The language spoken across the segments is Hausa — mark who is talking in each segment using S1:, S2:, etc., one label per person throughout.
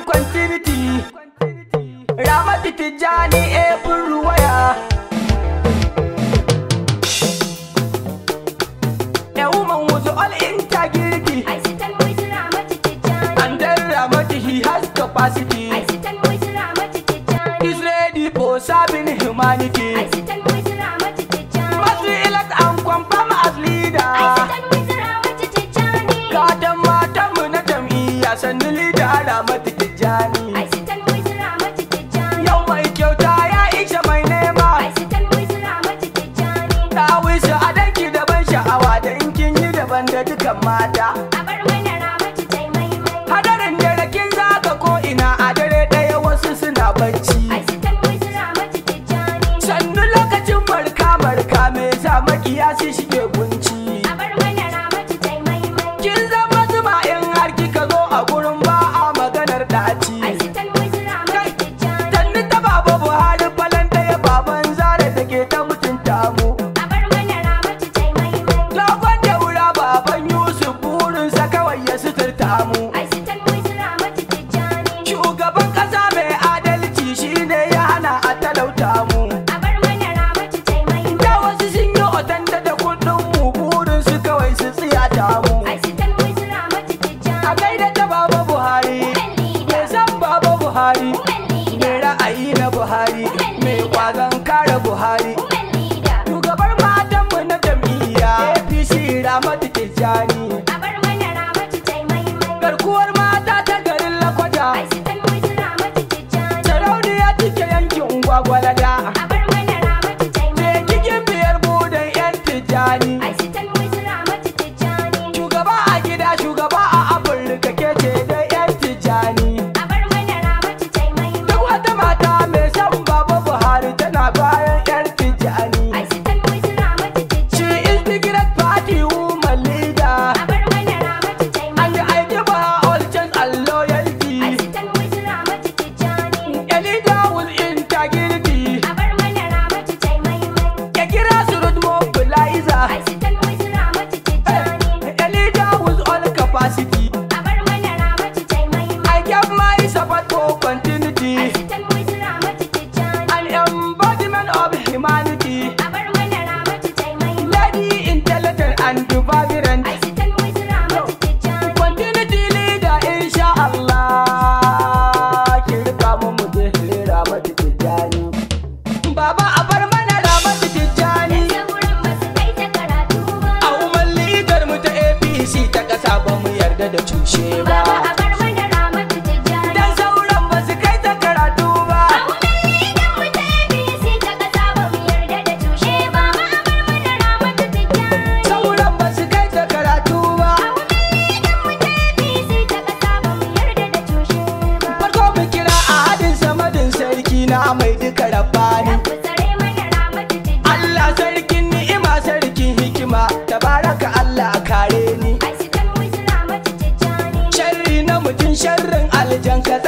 S1: yan kwantiriti ramadi tijjani ebin ruwaya a woman was all integrity i sit and then he has capacity i sit and wait ramadi ready for serving humanity i sit sati 哎。Allah mai duka rabani Allah sarkin ni'ima sarkin hikima tabaraka Allah kare ni sharri na mutum sharrin aljan ka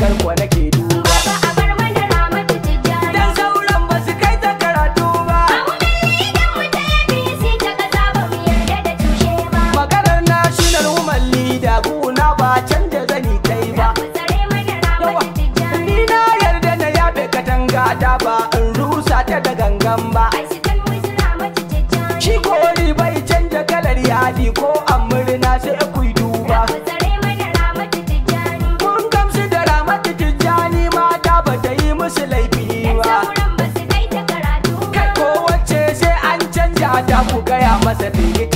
S1: tal cual set the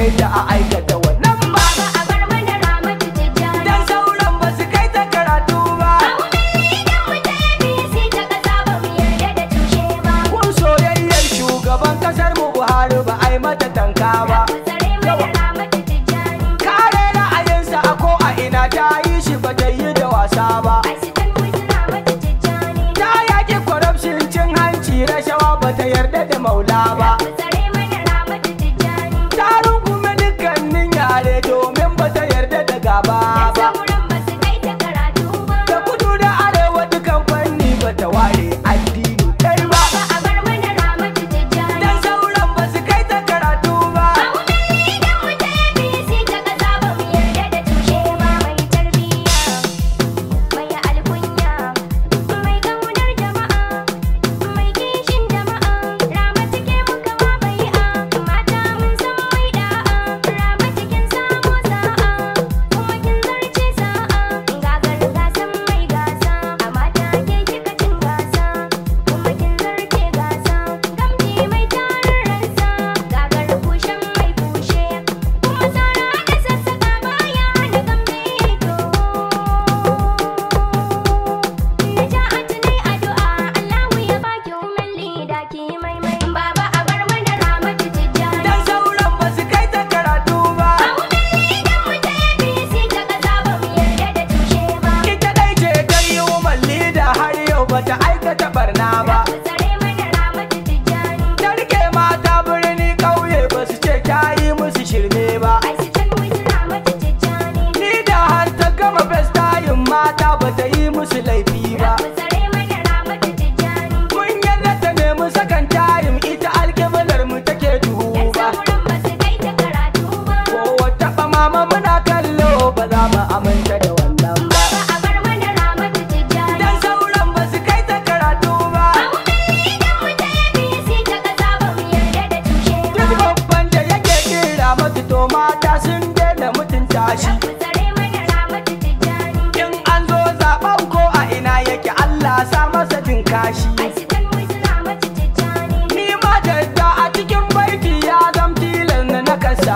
S1: kai da a aikata wannan ba a bar mana ramatu tijjani dan sauran ba su kai ta karatu ba A milli idan wuta ya biyu sai ta kasa ba mu yarda da tushe ba kun soyayyar shugaban kasar mu buhari ba ai mata tanka ba kare ra'ayinsa a ko a ina ta yi shi ba ta yi da wasa ba ta yaki corruption cin hanci rashawa ba ta yarda da maula ba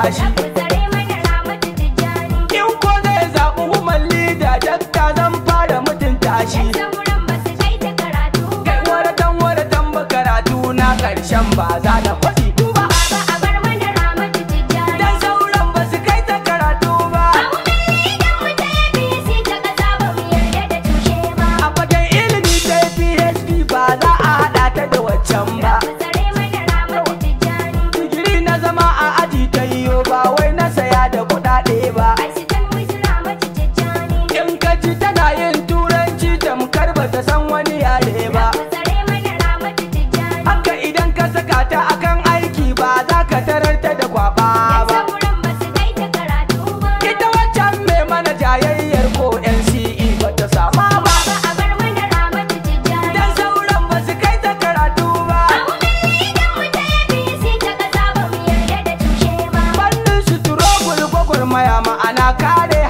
S1: tashi. In ko zai zaɓi umarni da jakka zan fara mutum tashi. Yan samuran ba su kai ta karatu. Kai waratan waratan ba karatu na ƙarshen ba za ta ma'ana kare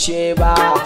S1: shiba.